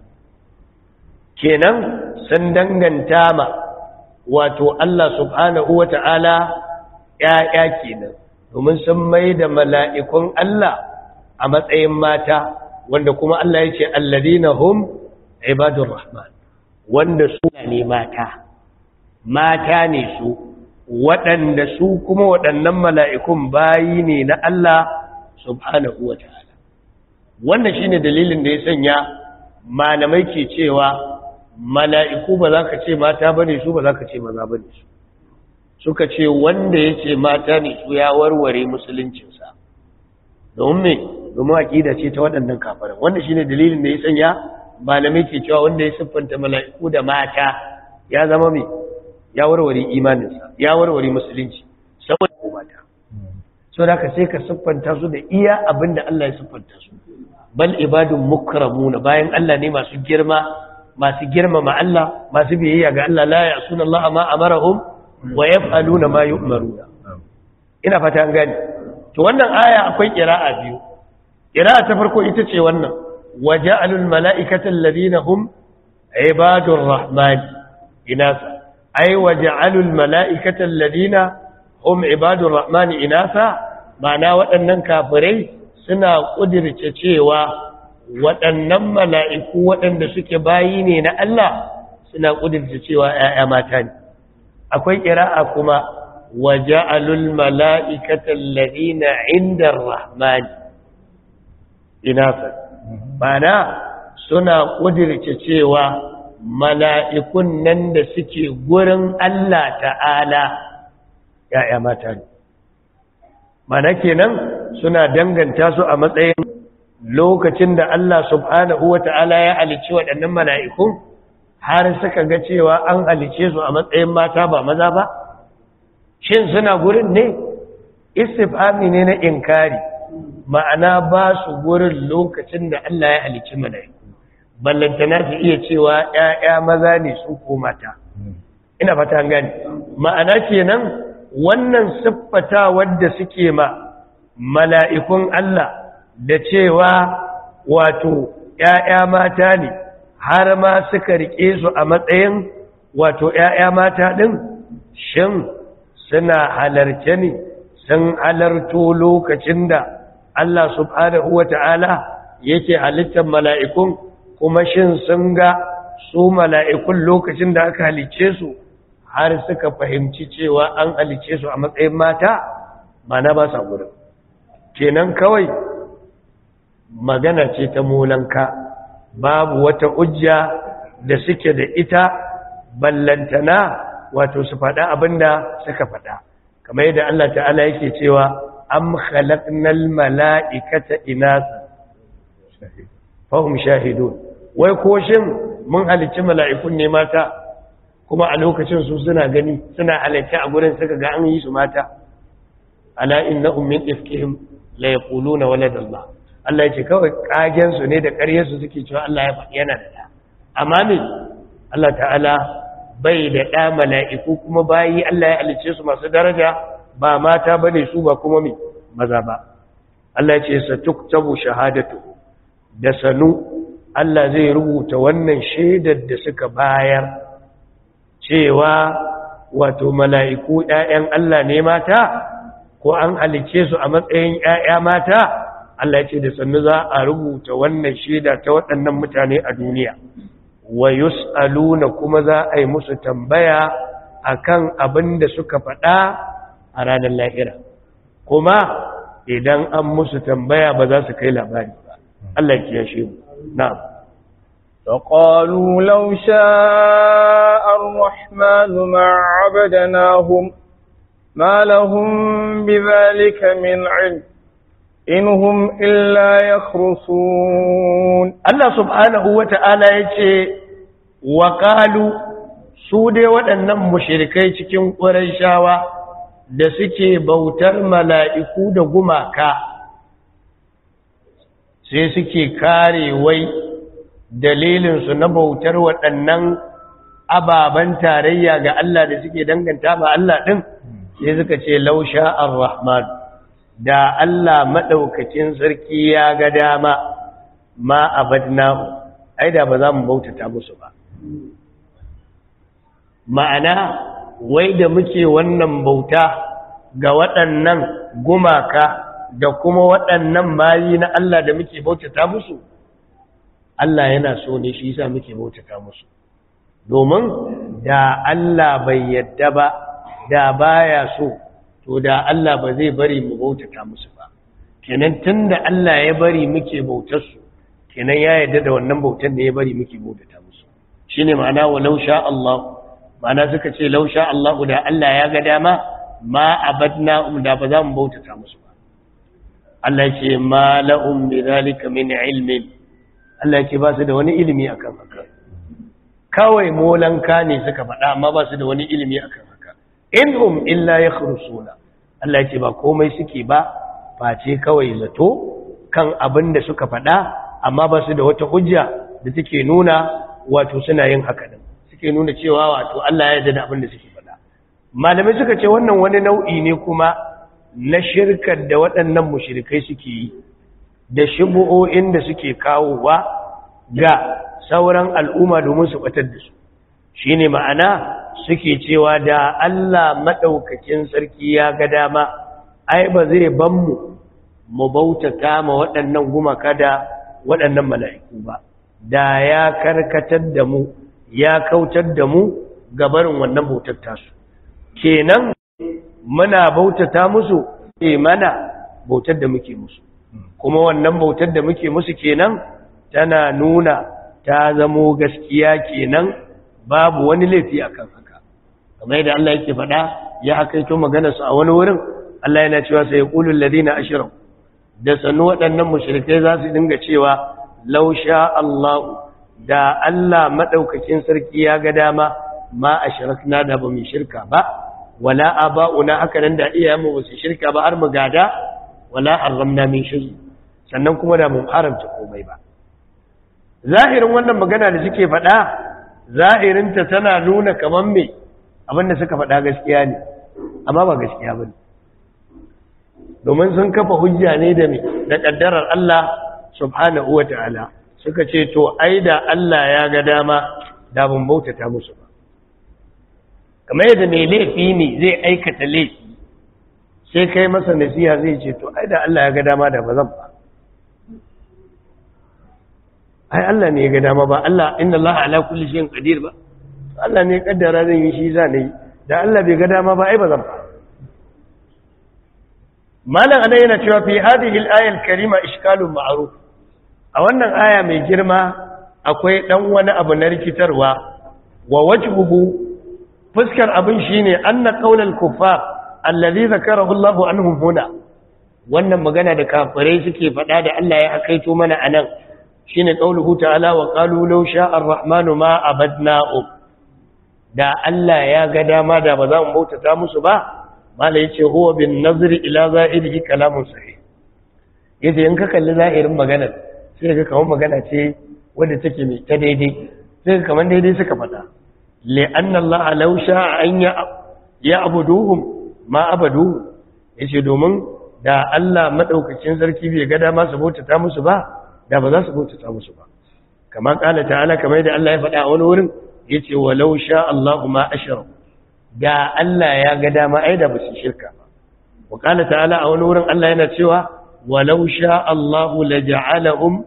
kenan sun danganta ma wato Allah subhanahu wa ta'ala ‘ya'ya kenan domin sun mai da mala'ikun Allah a matsayin mata wanda kuma Allah ya ce alladina hum ibadun rahman wanda su ne mata mata ne su waɗanda su kuma waɗannan mala'ikun bayi ne na Allah subhanahu wa ta'ala shi shine dalilin da ya sanya malamai ke cewa mala'iku ba za ka ce mata ba ne su ba za ka ce maza ba ne su suka ce wanda ya ce mata ne su ya warware musuluncinsa domin me domin aƙida ce ta waɗannan kafaran wanda shine dalilin da ya sanya malamai ke cewa wanda ya siffanta mala'iku da mata ya zama mai ya warware imaninsa ya warware musulunci saboda ko mata so da ka sai ka siffanta su da iya abin da Allah ya siffanta su bal ibadun mukramuna bayan Allah ne masu girma masu girmama Allah masu biyayya ga Allah la sunan Allah ma amarahum wa na ma yi da. ina fata an gani to wannan aya akwai kira'a biyu Kira'a ta farko ita ce wannan waja'alul mala'ikata alladhina hum ibadur rahman inasa ay waja'alul mala'ikata alladhina hum ibadur rahman inasa ma'ana waɗannan kafirai suna kudirce cewa waɗannan mala'iku waɗanda suke bayi ne na Allah suna kudirce cewa ‘ya'ya mata ne akwai ƙira'a kuma waje alul mala'ikatan lalina inda rahmani inasa mana suna ƙudirce cewa mala'ikun nan da suke gurin Allah ta'ala ya'ya mata ne mana kenan suna danganta su a matsayin lokacin da Allah subhanahu wa ta'ala ya alici waɗannan mala'ikun har suka ga cewa an halice su a matsayin mata ba maza ba shin suna gurin ne istifami ne na inkari ma'ana ba su gurin lokacin da Allah ya halice mala'iku na fi iya cewa ‘ya'ya maza ne su ko mata ina fata gani ma'ana kenan wannan siffata wadda suke ma mala'ikun Allah da cewa wato ‘ya'ya mata ne har ma suka riƙe su a matsayin wato ‘ya'ya mata ɗin shin suna halarce ni, sun halarto lokacin da Allah subhanahu wa ta'ala yake halittar mala'ikun kuma shin sun ga su mala'ikun lokacin da aka halice su har suka fahimci cewa an halice su a matsayin mata mana ba sa gudun kenan kawai magana ce ta molanka babu wata ujja da suke da ita ballantana wato su faɗa abinda suka faɗa kamar yadda Allah ta'ala yake cewa am khalaqnal mala'ikata inasa hum shahidun wai ko shin mun halicci mala'ikun ne mata kuma a lokacin su suna gani suna halicci a gurin suka ga an yi su mata ala innahum min ifkihim la yaquluna waladallah Allah ya ce kawai kagen ne da ƙarye su suke cewa Allah ya faɗi yana da amma ne, Allah ta'ala bai da ɗa mala'iku kuma bayi Allah ya alice su masu daraja ba mata bane su ba kuma me maza ba Allah ya ce sa tuktabu shahadatu da sanu Allah zai rubuta wannan shaidar da suka bayar cewa wato mala'iku ‘ya'yan Allah ne mata ko an alice su a matsayin ‘ya'ya mata Allah ya ce da sannu za a rubuta wannan shaida ta waɗannan mutane a duniya wa yus'aluna kuma za a yi musu tambaya akan abin da suka faɗa a ranar lahira kuma idan an musu tambaya ba za su kai labari ba Allah ya kiyashe mu na'am فقالوا da na الرحمن ما عبدناهم ما bi بذلك min 'ilm in hum illa yakhrusun Allah subhanahu wata'ala yace wa qalu su dai waɗannan mushrikai cikin shawa da suke bautar mala'iku da gumaka sai suke kare wai dalilin na bautar waɗannan ababan tarayya ga Allah da suke danganta ba Allah ɗin, sai suka ce lausha ar-rahman da Allah maɗaukacin sarki ya ga dama ma abadna'u ai da ba za mu bautata musu ba ma'ana wai da muke wannan bauta ga waɗannan gumaka da kuma waɗannan mali na Allah da muke bautata musu Allah yana so ne shi yasa muke bautata musu domin da Allah bai yadda ba da baya so to da Allah ba zai bari mu bautata musu ba kenan tunda Allah ya bari muke bautar su kenan ya yarda da wannan bautar da ya bari muke bautata musu shine ma'ana law sha Allah ma'ana suka ce law sha Allah da Allah ya ga dama ma abadna um da ba za mu bautata musu ba Allah ya ce ma um bi zalika min ilmin Allah ya ce ba su da wani ilimi akan haka kawai molanka ne suka faɗa amma ba su da wani ilimi akan haka in hum illa yakhrusuna Allah ya ce ba komai suke ba face kawai zato kan abin da suka faɗa amma ba su da wata hujja da take nuna wato suna yin haka din suke nuna cewa wato Allah ya yarda da abin da suke faɗa malamai suka ce wannan wani nau'i ne kuma na shirkar da waɗannan mushrikai suke yi da shibu'o'in da suke kawowa ga sauran al'umma domin su batar da su Shi ne ma'ana suke cewa da Allah maɗaukakin sarki ya ga dama ai ba zai ban mu mu kama waɗannan gumaka da waɗannan mala'iku ba da ya karkatar da mu ya kautar da mu gabarin wannan bautar tasu kenan muna bautata musu ke mana bautar da muke musu kuma wannan bautar da muke musu kenan tana nuna ta zamo gaskiya kenan babu wani laifi a kan haka kamar yadda Allah yake faɗa ya hakaito maganar su a wani wurin Allah yana cewa sai Ladi ladina ashirin da sannu waɗannan mushrikai za su dinga cewa lausha Allahu. Allah da Allah maɗaukacin sarki ya ga dama ma a na da ba mu shirka ba wala bauna haka nan da iyayenmu ba su shirka ba har mu gada wala ramna min shirki sannan kuma da mu haramta komai ba zahirin wannan magana da suke faɗa zahirinta tana nuna kamar me abinda suka faɗa gaskiya ne amma ba gaskiya ba ne domin sun kafa hujja ne da me da ƙaddarar Allah subhanahu wa ta'ala suka ce to ai da Allah ya ga dama da ban bautata musu ba kamar yadda mai laifi ne zai aikata laifi sai kai masa nasiha zai ce to ai da Allah ya ga dama da ba zan ba ai Allah ne ya ga dama ba Allah inna Allah ala kulli shay'in qadir ba Allah ne ya kaddara zan yi shi za ne da Allah bai ga dama ba ai ba zan fara malam anan yana cewa fi hadhihi al-ayat al-karima ishkalun ma'ruf a wannan aya mai girma akwai dan wani abu na rikitarwa wa wajhuhu fuskar abin shine anna qawl al-kuffar alladhi zakarahu Allah anhum huna wannan magana da kafirai suke faɗa da Allah ya akaito mana anan shine qauluhu ta'ala wa qalu law sha'a ar-rahmanu ma abadna'u da Allah ya ga dama da ba za mu bautata musu ba mala ce huwa bin nazri ila zahirihi kalamun sahih yace in ka kalli zahirin magana sai ka kawo magana ce wanda take mai ta daidai sai ka kaman daidai suka fada li anna Allah law sha'a an ya abuduhum ma abaduhum yace domin da Allah madaukakin sarki bai ga dama su bautata musu ba da ba za su bautata musu ba kama kala ta'ala kamar da Allah ya faɗa a wani wurin ya ce walau sha Allahu ma ashara da Allah ya ga dama ai da basu shirka ba wa kala ta'ala a wani wurin Allah yana cewa walau sha Allahu laja'alahum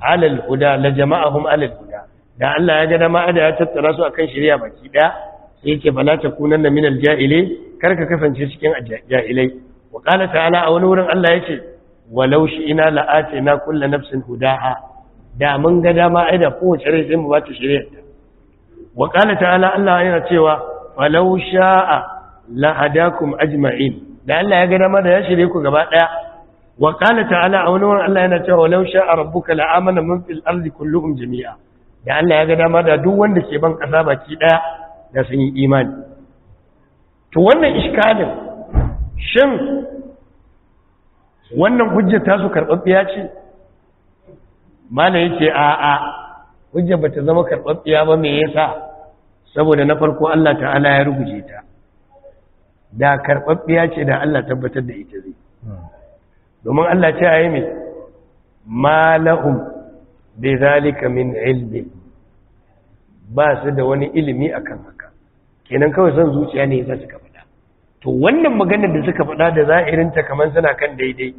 'ala al-huda lajama'ahum 'ala al-huda da Allah ya ga dama da ya tattara su akan shari'a baki daya sai yake bala takunanna min al-ja'ilin karka kasance cikin ja'ilai wa kala ta'ala a wani wurin Allah ce. walau shi ina la'ace na kulla nafsin hudaha da mun ga dama ai da kowace rai sai mu ba ta shari'arta wa qala ta'ala Allah yana cewa walau sha'a la hadakum ajma'in da Allah ya ga dama da ya shirye ku gaba daya wa qala ta'ala a wani Allah yana cewa walau sha'a rabbuka la amana man fil ardi kulluhum jami'a da Allah ya ga dama da duk wanda ke ban kasa baki daya da sun yi imani to wannan iskalin shin wannan hujjar ta su karɓaɓɓiya ce mana yake a'a hujjar ba ta zama karɓaɓɓiya ba me yasa saboda na farko Allah ta'ala ya rubuce ta da karɓaɓɓiya ce da Allah tabbatar da ita zai domin Allah ce a yi mai malahum bai zalika min ilmi ba su da wani ilimi akan haka kenan kawai son zuciya ne ya su to wannan maganar da suka faɗa da za'irinta kamar suna kan daidai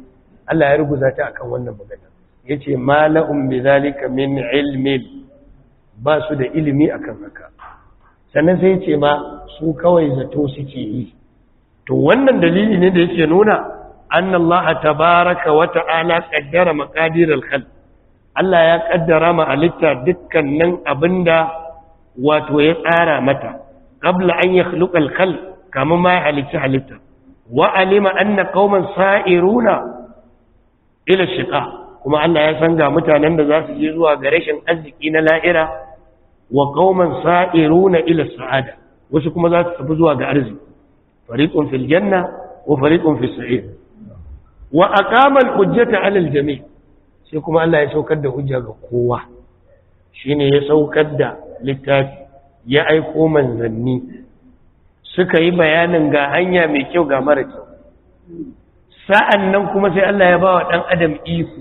Allah ya ruguza ta akan wannan maganar yace mala'un bi zalika min ilmin ba su da ilimi akan haka sannan sai yace ma su kawai zato suke yi to wannan dalili ne da yake nuna annallaha tabaaraka wa ta'ala qaddara maqadir al-khalq Allah ya kaddara ma alitta dukkanin abinda wato ya tsara mata qabla an yakhluqa al-khalq kamun ma ya halitta halitta wa'alima alima anna sa'iruna ila shiqa kuma Allah ya san ga mutanen da za su je zuwa ga rashin arziki na la'ira wa qauman sa'iruna ila sa'ada wasu kuma za su tafi zuwa ga arziki fariqun filjanna ko wa fariqun wa a al hujjata ala jami' sai kuma Allah ya saukar da hujja ga kowa shine ya saukar da littafi ya aiko manzanni suka yi bayanin ga hanya mai kyau ga mara kyau sa'an nan kuma sai Allah ya ba wa ɗan adam iku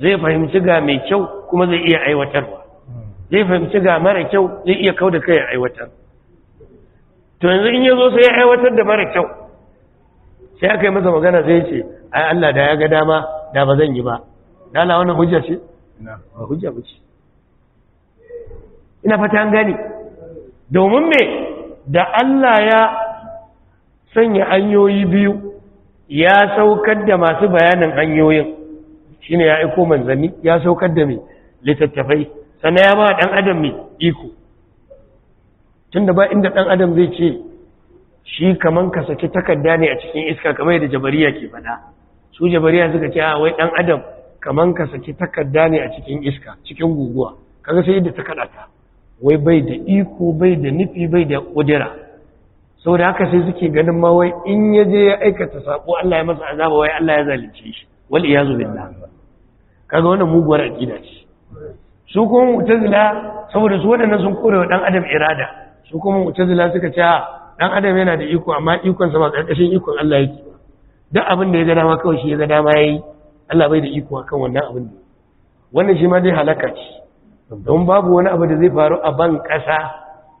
zai fahimci ga mai kyau kuma zai iya aiwatarwa zai fahimci ga mara kyau zai iya kau da kai ya aiwatar to yanzu in ya zo sai ya aiwatar da mara kyau sai aka yi masa magana sai ce ai Allah da ya ga dama da ba zan yi ba dala wannan hujja ce ba hujja ce ina fata an gani domin me da Allah ya sanya hanyoyi biyu ya saukar da masu bayanin hanyoyin shi ne ya aiko manzanni ya saukar da mai littattafai sannan ya ba ɗan adam mai iko tunda ba inda ɗan adam zai ce shi kaman ka saki takarda ne a cikin iska kamar yadda jabariya ke faɗa su jabariya suka ce a wai ɗan adam kaman ka saki takarda ne a cikin iska cikin guguwa kaga sai yadda ta kaɗata. wai bai da iko bai da nufi bai da kudura saboda haka sai suke ganin ma wai in ya je ya aikata sako Allah ya masa azaba wai Allah ya zalunce shi wal iyazu billah kaga wannan muguwar aqida ce su kuma mu'tazila saboda su wadannan sun kore wa dan adam irada su kuma mu'tazila suka ce dan ah, adam yana da iko amma ikon sa ba karkashin ikon Allah yake ba duk abin da ya ga dama kawai shi ya ga dama yayi Allah bai da iko akan wannan abin wannan shi ma dai halaka ce don babu wani abu da zai faru a ban ƙasa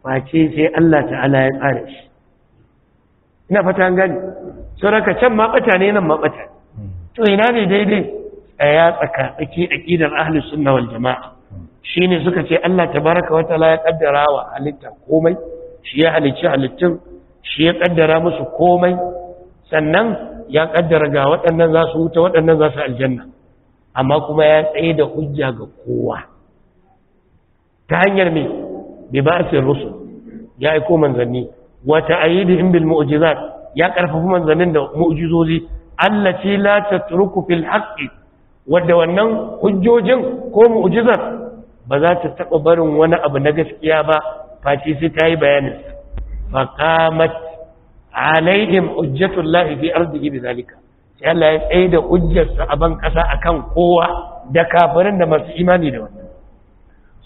face sai Allah ta'ala ya ƙare shi ina fata gani sauraka can ma ne nan ma bata to ina ne daidai Ya tsaka tsaki aqidar ahli sunna wal jamaa ne suka ce Allah Ta wata la ya ƙaddara wa halitta komai shi ya halicci halittun shi ya ƙaddara musu komai sannan ya ƙaddara ga waɗannan za su wuta waɗannan za su aljanna amma kuma ya tsaye da hujja ga kowa ta hanyar mai bibasin rusu ya aiko manzanni wata in bil ma'ujizar ya karfafi manzannin da mu'jizozi Allah la turku fil haqqi wadda wannan hujjojin ko mu'ujizar ba za ta taɓa barin wani abu na gaskiya ba Fati sai ta yi bayanin ba qamat alaihim hujjatullahi fi ardihi zalika sai Allah ya tsaye da hujjarsa a ban kasa akan kowa da kafirin da masu imani da wannan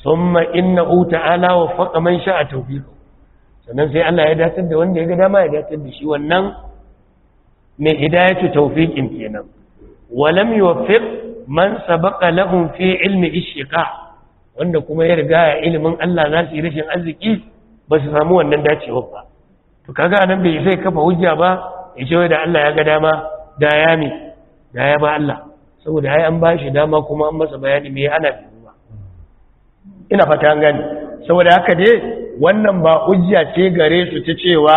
thumma innahu ta'ala وفق man شاء tawfiqu sannan sai Allah ya datar da wanda ya ga dama ya datar da shi wannan mai hidayatu tawfiqin kenan walam yuwaffiq man sabaqa lahum fi ilmi ishqa wanda kuma ya riga ya ilimin Allah za su yi rashin arziki ba su samu wannan dacewa ba to kaga nan bai sai kafa hujja ba ya ce da Allah ya ga dama da ya mi da ya ba Allah saboda ai an ba shi dama kuma an masa bayani me ana ina fata an gani saboda haka dai wannan ba hujja ce gare su ta cewa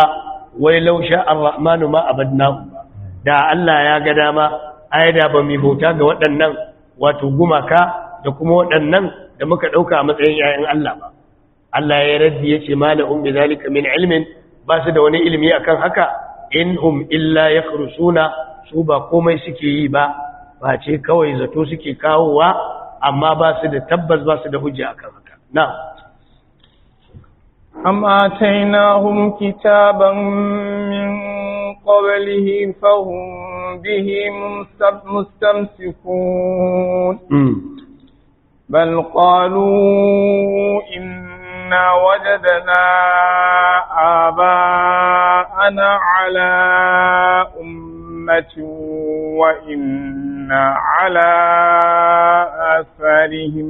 wai lausha ar-rahmanu ma abadnahu da Allah ya ga dama aida ba mu bauta ga waɗannan wato gumaka da kuma waɗannan da muka ɗauka a matsayin 'ya'yan Allah ba Allah ya raddi ya ce mala'un bi zalika min ilmin ba su da wani ilimi akan haka in hum illa yakhrusuna su ba komai suke yi ba ba ce kawai zato suke kawowa amma ba su da tabbas ba su da hujja akan نعم أم آتيناهم كتابا من قبله فهم به مستمسكون بل قالوا إنا وجدنا آباءنا على أمة وإنا على آثارهم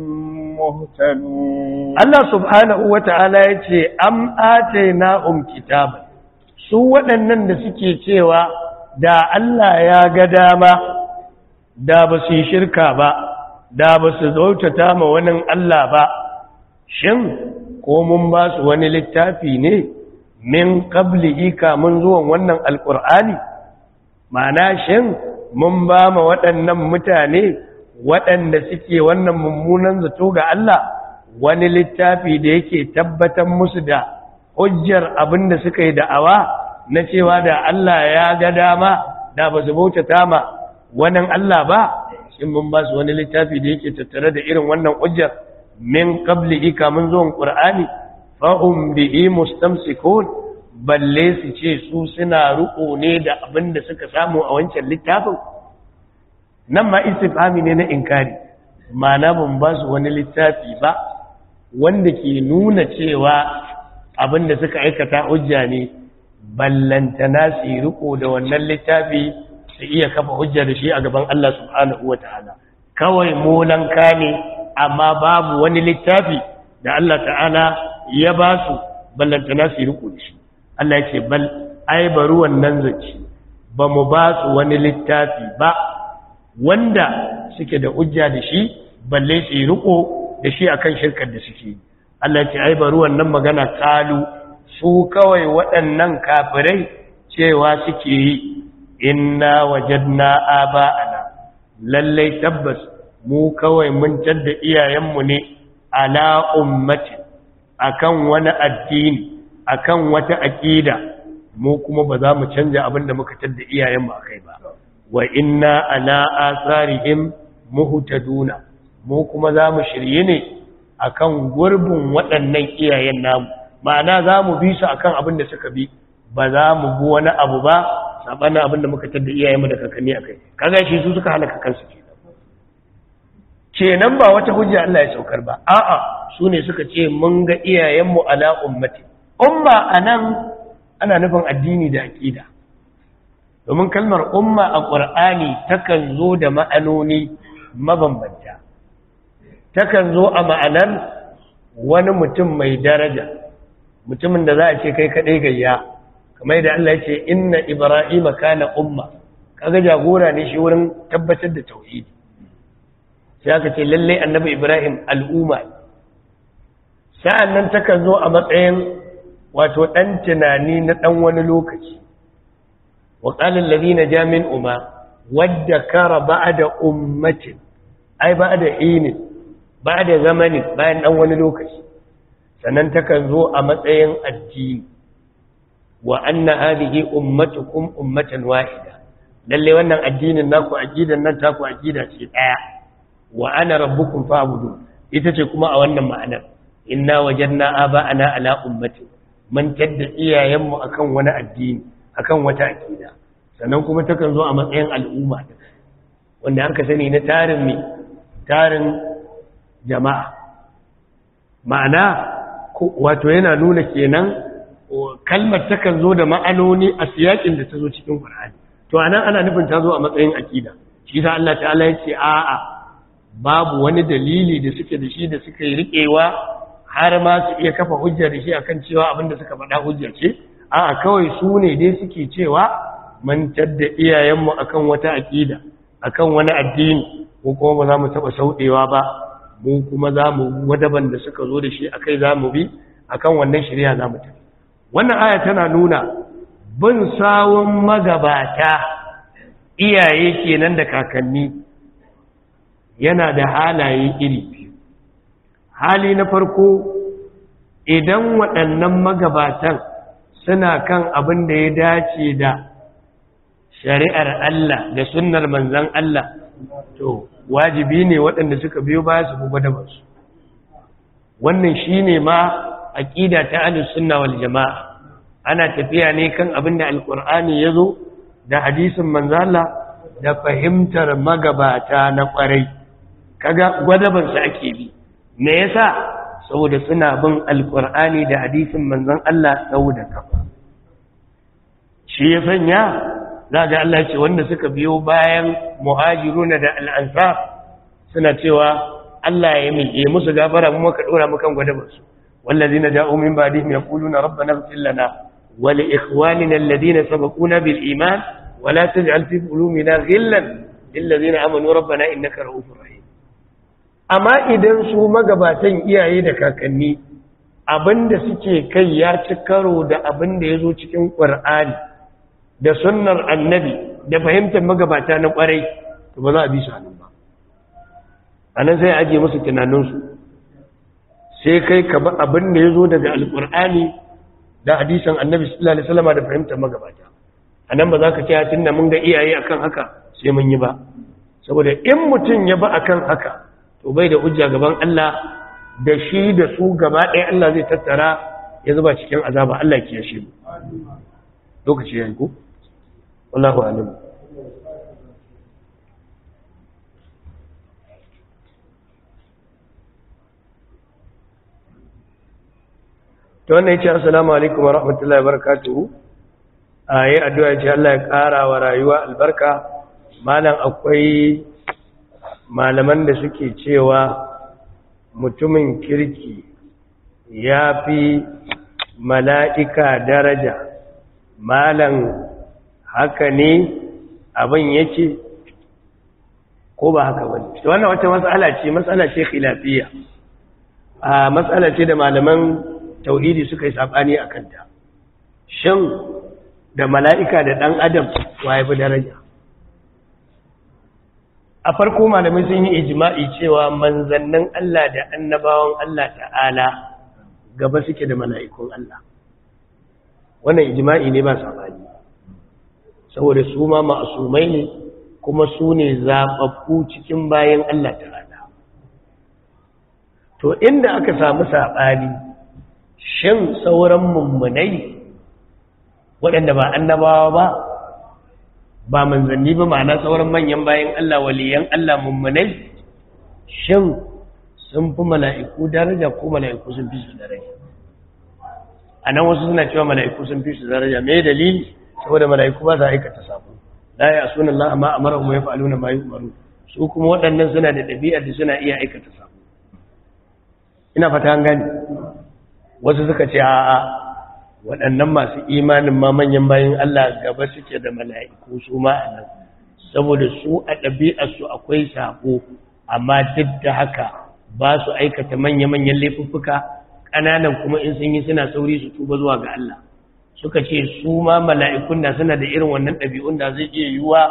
مهتدون ta'ala سبحانه وتعالى يتي أم آتيناهم كتابا su waɗannan da suke cewa da Allah ya ga dama da ba su yi shirka ba da ba su zautata ma wani Allah ba shin ko mun ba su wani littafi ne min kabli ika mun zuwan wannan alƙur'ani Ma'ana shin mun ba ma waɗannan mutane waɗanda suke wannan mummunan zato ga Allah wani littafi da yake tabbatar musu da hujjar abin da suka yi da'awa na cewa da Allah ya ga dama da ba su bautata ma wannan Allah ba shin mun ba su wani littafi da yake tattare da irin wannan hujjar min qablihi mun zuwan qur'ani fa hum bihi mustamsikun balle su ce su suna ruko ne da abin da suka samu a wancan littafin nan ma istifami ne na inkari ma'ana ban ba su wani littafi ba wanda ke nuna cewa abin da suka aikata hujja ne ballantana su ruko da wannan littafi su iya kafa hujja da shi a gaban Allah subhanahu wa ta'ala kawai molanka ne amma babu wani littafi da Allah ta'ala ya ba su ballantana su ruko da shi Allah ya ce bal ai bari wannan zaci ba mu ba su wani littafi ba wanda suke da ujja da shi balle su yi riko da shi akan shirkar da suke Allah ya ce ai bari wannan magana kalu su kawai waɗannan kafirai cewa suke yi inna wajadna aba'ana lalle tabbas mu kawai mun tadda iyayenmu ne ala ummati akan wani addini akan wata aƙida mu kuma ba za mu canja abin da muka tadda iyayen mu akai ba wa inna ala asarihim muhtaduna mu kuma za mu shirye ne akan gurbin waɗannan iyayen namu ma'ana za mu bi su akan abin da suka bi ba za mu bu wani abu ba sabanin abin da muka tadda iyayen mu da kakanni akai kaga shi su suka halaka kansu kenan ba wata hujja Allah ya saukar ba a'a su ne suka ce mun ga iyayenmu ala ummati umma a nan ana nufin addini da aƙida domin kalmar umma a ƙwar'ani takan zo da ma'anoni mabambanta takan zo a ma'anar wani mutum mai daraja mutumin da za a ce kai kaɗai gayya kamar yadda Allah ce inna ibrahima kana umma kaga jagora ne shi wurin tabbatar da tauhidi sai aka ce lallai annabi ibrahim al'umma sa'an nan takan zo a matsayin wato ɗan tunani na ɗan wani lokaci wa ƙalin lalina jamin umar wadda kara ba da ummatin ai ba da inin ba da zamanin bayan ɗan wani lokaci sannan takan zo a matsayin addini wa anna hadhihi ummatukum ummatan wahida lalle wannan addinin naku aqidan nan taku aqida ce daya wa ana rabbukum fa'budu ita ce kuma a wannan ma'anar inna wajadna aba'ana ala ummatin mantar da iyayenmu akan wani addini akan wata akida sannan kuma takan zo a matsayin al'umma wanda an ka sani na tarin mai tarin jama'a ma'ana wato yana nuna kenan kalmar takan zo da ma'anoni a siyakin da ta zo cikin ƙwararri to a ana nufin ta zo a matsayin akida shi sa Allah ta'ala ya ce a'a babu wani dalili da suke da shi da suka yi riƙewa har ma su iya kafa hujjar shi akan cewa abin da suka faɗa hujjar ce a'a kawai su ne dai suke cewa mantar da iyayenmu akan wata aƙida akan wani addini ko kuma ba za mu taɓa sauɗewa ba mu kuma za mu wadaban da suka zo da shi a kai za mu bi akan wannan shirya za mu ta wannan aya tana nuna bin sawun magabata iyaye kenan da kakanni yana da halaye iri hali na farko idan waɗannan magabatan suna kan abin da ya dace da shari'ar Allah da sunnar manzan Allah to wajibi ne waɗanda suka biyo ba su gwada masu wannan shi ne ma a ƙida ta alis sunna wal jama'a ana tafiya ne kan abin da alƙur'ani ya zo da hadisin manzala da fahimtar magabata na ƙwarai kaga gwadabansa ake bi me yasa saboda suna bin alkur'ani da hadisin manzon Allah saboda kafa shi ya sanya za ga Allah ce wanda suka biyo bayan muhajiruna da al'ansar suna cewa Allah ya miƙe musu gafara mu maka dora mu kan gwada su wallazina ja'u min ba'dihim yaquluna rabbana ighfir lana wa li ikhwanina alladhina sabaquna bil iman wa la taj'al fi qulubina ghillan lil ladzina amanu rabbana innaka ra'ufur rahim amma idan su magabatan iyaye da kakanni abinda suke kai ya ci karo da abinda ya zo cikin ƙwar'ani da sunnar annabi da fahimtar magabata na ƙwarai to ba za a bi su hannun ba a nan sai ajiye musu tunaninsu sai kai ka ba abinda ya zo daga alƙwar'ani da hadisan annabi sallallahu alaihi wasallam da fahimtar magabata a nan ba za ka ce na mun ga iyaye akan haka sai mun yi ba saboda in mutum ya ba akan haka to bai da hujja gaban Allah da shi da su gaba ɗaya Allah zai tattara ya zuba cikin azaba Allah ke mu lokaci yayi ko wallahu a'lam ta wannan yace assalamu alaikum wa rahmatullahi wa barakatuhu ayi addu'a ce Allah ya ƙara wa rayuwa albarka malam akwai malaman da suke cewa mutumin kirki ya fi mala'ika daraja malan haka ne abin yake ko ba haka wani wannan wata matsala ce matsala ce khilafiya a matsala ce da malaman tauhidi suka yi saɓani a kanta shin da mala'ika da ɗan adam wa ya fi daraja a farko malamai sun yi ijima'i cewa manzannin Allah da annabawan Allah ta'ala gaba suke da mala'ikun Allah wannan ijima'i ne ba sabani saboda su ma ma'asumai ne kuma su ne zaɓaɓɓu cikin bayan Allah ta'ala to inda aka samu saɓari shin sauran mummunai waɗanda ba annabawa ba ba manzanni ba ma'ana sauran manyan bayan Allah waliyan Allah mummunai shin sun fi mala'iku daraja ko mala'iku sun fi su daraja a nan wasu suna cewa mala'iku sun fi su daraja mai dalili saboda mala'iku ba za a aikata sabu da ya sunan amma amara umma ya na ma umaru. su kuma waɗannan suna da ɗabi'ar da suna iya aikata sabu ina fata an gani wasu suka ce a'a waɗannan masu imanin ma manyan bayan Allah gaba suke da mala'iku su ma’anar saboda su a ɗabi'arsu akwai saƙo amma duk da haka ba su aikata manya-manyan laifuffuka ƙananan kuma in sun yi suna sauri su tuba zuwa ga Allah suka ce su ma mala'ikun da suna da irin wannan ɗabi'un da zai iya yiwuwa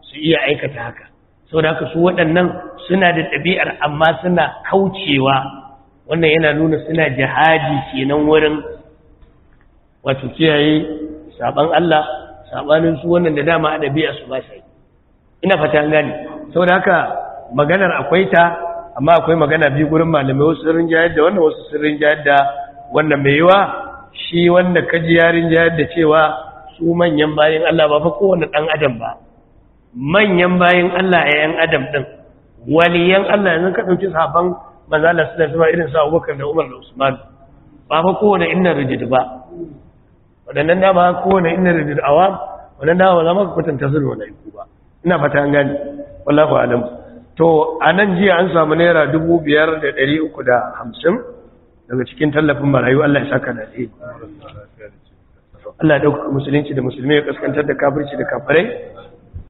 su iya aikata haka saboda haka su waɗannan suna da ɗabi'ar amma suna kaucewa wannan yana nuna suna jihadi kenan wurin wato kiyaye saban Allah sabanin su wannan da dama a dabi'a su ba sai ina fata an gane saboda haka maganar akwai ta amma akwai magana biyu gurin malamai wasu sirrin jayar da wannan wasu sirrin jayar da wannan mai yiwa shi wanda kaji yarin jayar da cewa su manyan bayan Allah ba fa kowanne dan adam ba manyan bayan Allah a yan adam din waliyan Allah yanzu ka dauki sahabban manzalar sallallahu alaihi wasallam irin sa Abubakar da Umar da Usman ba fa kowanne inna rijid ba waɗannan dama kowane inna da jir'awa waɗannan dama za maka kwatanta su da wani mala'iku ba ina fata an gani wallahu alam to a nan jiya an samu naira dubu biyar da ɗari uku da hamsin daga cikin tallafin marayu Allah ya saka na ɗaya Allah ya ɗauka musulunci da musulmi ya kaskantar da kafirci da kafirai